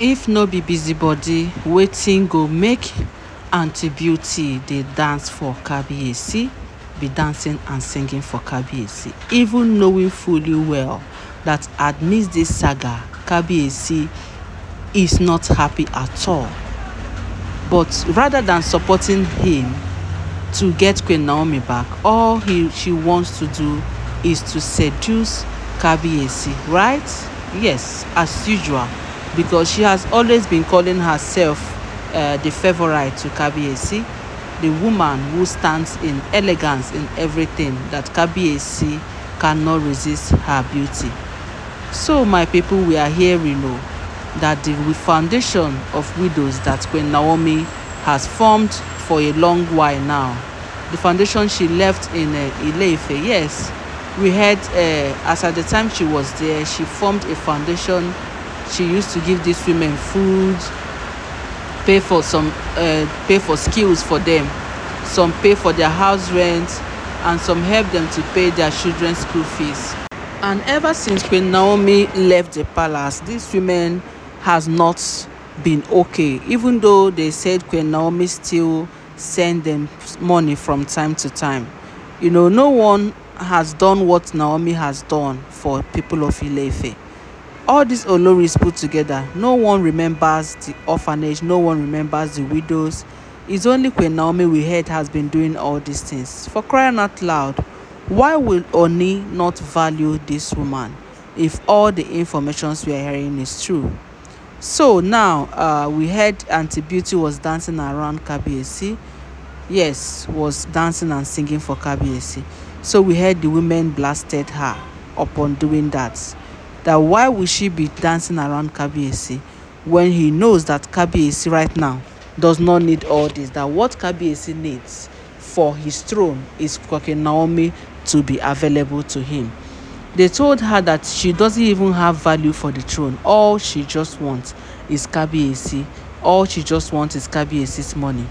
if no be busybody wetin go make aunty beauty dey dance for kabiyesi be dancing and singing for kabiyesi even knowing fully well that amidst this saga kabiyesi is not happy at all but rather than supporting him to get queen naomi back all he she wants to do is to seduce kabiyesi right yes as usual because she has always been calling herself uh, the favorite to Kabiesi, the woman who stands in elegance in everything that Kabiesi cannot resist her beauty. So my people, we are hearing know that the foundation of widows that Queen Naomi has formed for a long while now, the foundation she left in uh, Ileife, yes, we had uh, as at the time she was there, she formed a foundation she used to give these women food pay for some uh, pay for skills for them some pay for their house rent and some help them to pay their children's school fees and ever since queen naomi left the palace these women has not been okay even though they said queen naomi still send them money from time to time you know no one has done what naomi has done for people of ilefe all these oloris put together no one remembers the orphanage no one remembers the widows it's only queen naomi we heard has been doing all these things for crying out loud why will oni not value this woman if all the informations we are hearing is true so now uh, we heard auntie beauty was dancing around kbac yes was dancing and singing for kbac so we heard the women blasted her upon doing that that why would she be dancing around Kabiesi when he knows that Kabiesi right now does not need all this, that what Kabiesi needs for his throne is Kwake Naomi to be available to him. They told her that she doesn't even have value for the throne. All she just wants is Kabiesi. All she just wants is Kabiesi's money.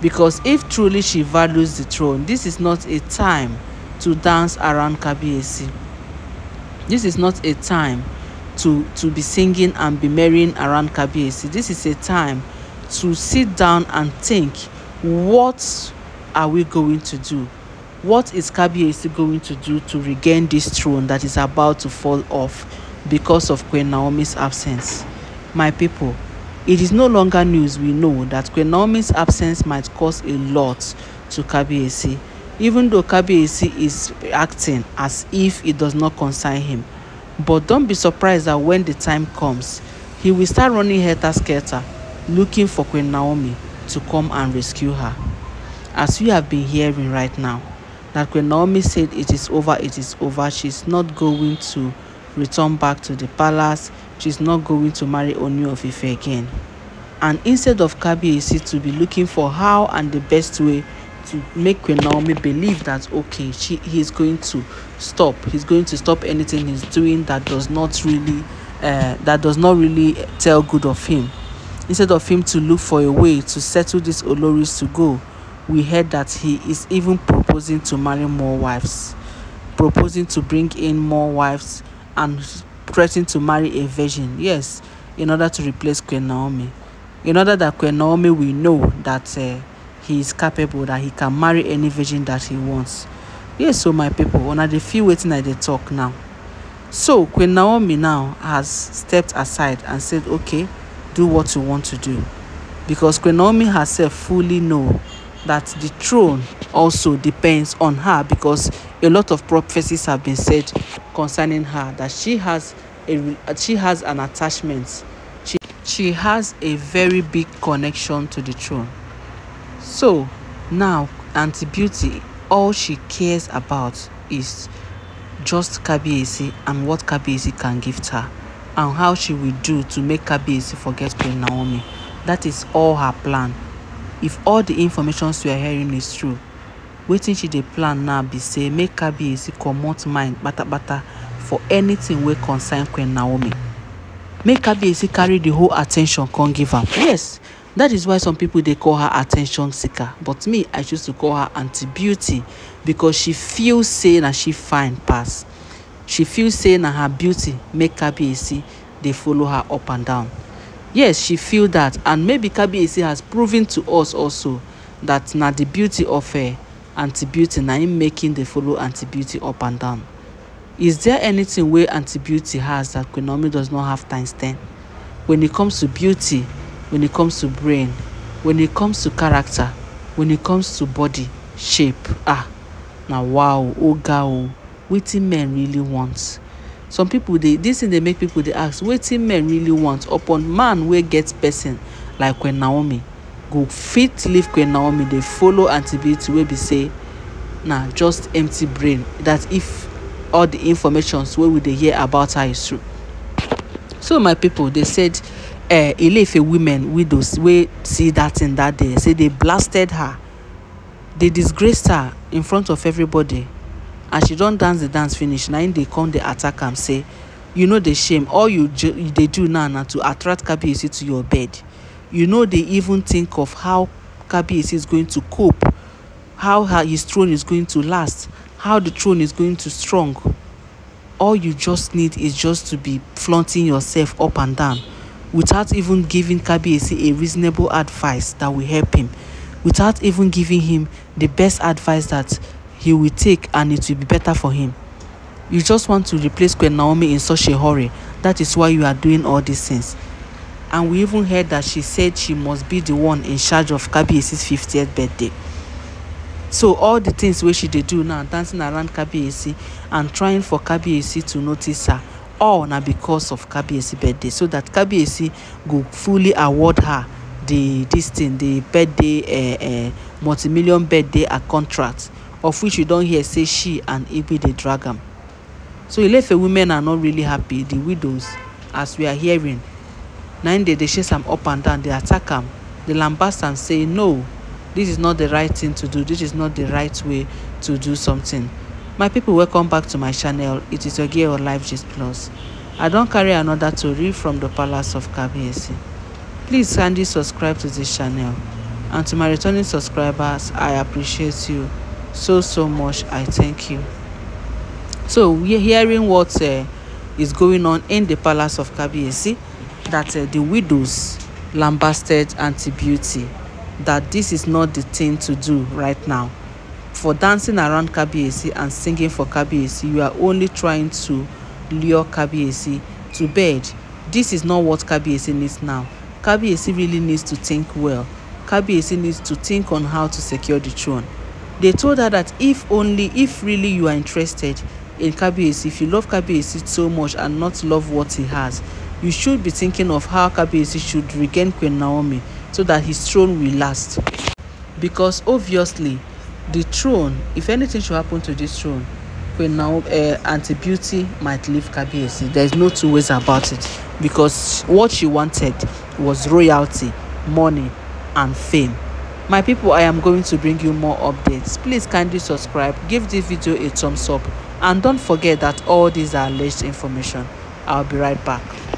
Because if truly she values the throne, this is not a time to dance around Kabiesi. This is not a time to, to be singing and be merrying around Kabiesi. This is a time to sit down and think what are we going to do? What is Kabiesi going to do to regain this throne that is about to fall off because of Queen Naomi's absence? My people, it is no longer news we know that Queen Naomi's absence might cause a lot to Kabiesi even though Kabiyesi is acting as if it does not concern him. But don't be surprised that when the time comes, he will start running helter-skelter, looking for Queen Naomi to come and rescue her. As we have been hearing right now, that Queen Naomi said it is over, it is over, she's not going to return back to the palace, she's not going to marry Oni of Ife again. And instead of Kabiyesi to be looking for how and the best way to make Queen Naomi believe that okay, she he's going to stop. He's going to stop anything he's doing that does not really uh, that does not really tell good of him. Instead of him to look for a way to settle this Oloris to go, we heard that he is even proposing to marry more wives, proposing to bring in more wives, and threatening to marry a virgin. Yes, in order to replace Queen Naomi. In order that Queen Naomi will know that uh, he is capable that he can marry any virgin that he wants yes so my people una the few waiting i the talk now so queen naomi now has stepped aside and said okay do what you want to do because queen naomi herself fully know that the throne also depends on her because a lot of prophecies have been said concerning her that she has a she has an attachment she she has a very big connection to the throne So now Auntie Beauty all she cares about is just Kabiyesi and what Kabiyesi can gift her and how she will do to make Kabiyesi forget Queen Naomi. That is all her plan. If all the informations we are hearing is true, wetin she dey plan now be say make Kabiyesi comot mind kpatakpata for anything wey concern Queen Naomi. Make Kabiyesi carry the whole at ten tion come give am. Yes, That is why some people they call her attention seeker. But me, I choose to call her anti beauty because she feels saying that she fine pass. She feels saying that her beauty make KBAC they follow her up and down. Yes, she feel that and maybe KBAC has proven to us also that na the beauty of her eh, anti beauty na him making they follow anti beauty up and down. Is there anything where anti beauty has that Queen does not have times 10? When it comes to beauty, when it comes to brain when it comes to character when it comes to body shape ah na wow oga o wetin men really want some people dey this thing dey make people dey ask wetin men really want upon man wey get person like queen naomi go fit leave queen naomi dey follow antibiotics beauty wey be say na just empty brain that if all the informations wey we dey hear about her is true so my people dey said uh, eh, Ilefe women, widows, we see that in that day. Say they blasted her. They disgraced her in front of everybody. And she don't dance the dance finish. Now they come, they attack and say, you know the shame. All you they do now now to attract Kabiyesi to your bed. You know they even think of how Kabiyesi is going to cope, how her, his throne is going to last, how the throne is going to strong. All you just need is just to be flaunting yourself up and down. without even giving Kabiesi a reasonable advice that will help him, without even giving him the best advice that he will take and it will be better for him. You just want to replace Queen Naomi in such a hurry. That is why you are doing all these things. And we even heard that she said she must be the one in charge of Kabiesi's 50th birthday. So all the things wey she did do now, dancing around Kabiesi and trying for Kabiesi to notice her all na because of kabiyesi birthday so that kabiyesi go fully award her the this thing the birthday uh, uh, multi-million birthday uh, contract of which we don hear say she and igwe dey drag am so ilefe women are not really happy the widows as we are hearing na im dey dey chase am up and down dey attack am dey lambast am say no this is not the right thing to do this is not the right way to do something my people welcome back to my channel it is your girl life gist plus i don't carry another tori from the palace of kabiyesi please kindly subscribe to this channel and to my returning subscribers i appreciate you so so much i thank you so we are hearing what uh, is going on in the palace of kabiyesi that uh, the widows lambasted anti-beauty that this is not the thing to do right now for dancing around Kabiyesi and singing for Kabiyesi. You are only trying to lure Kabiyesi to bed. This is not what Kabiyesi needs now. Kabiyesi really needs to think well. Kabiyesi needs to think on how to secure the throne. They told her that if only, if really you are interested in Kabiyesi, if you love Kabiyesi so much and not love what he has, you should be thinking of how Kabiyesi should regain Queen Naomi so that his throne will last. Because obviously, the throne if anything should happen to this throne queen now uh, eh, auntie beauty might leave kbsc there's no two ways about it because what she wanted was royalty money and fame my people i am going to bring you more updates please kindly subscribe give this video a thumbs up and don't forget that all these are alleged information i'll be right back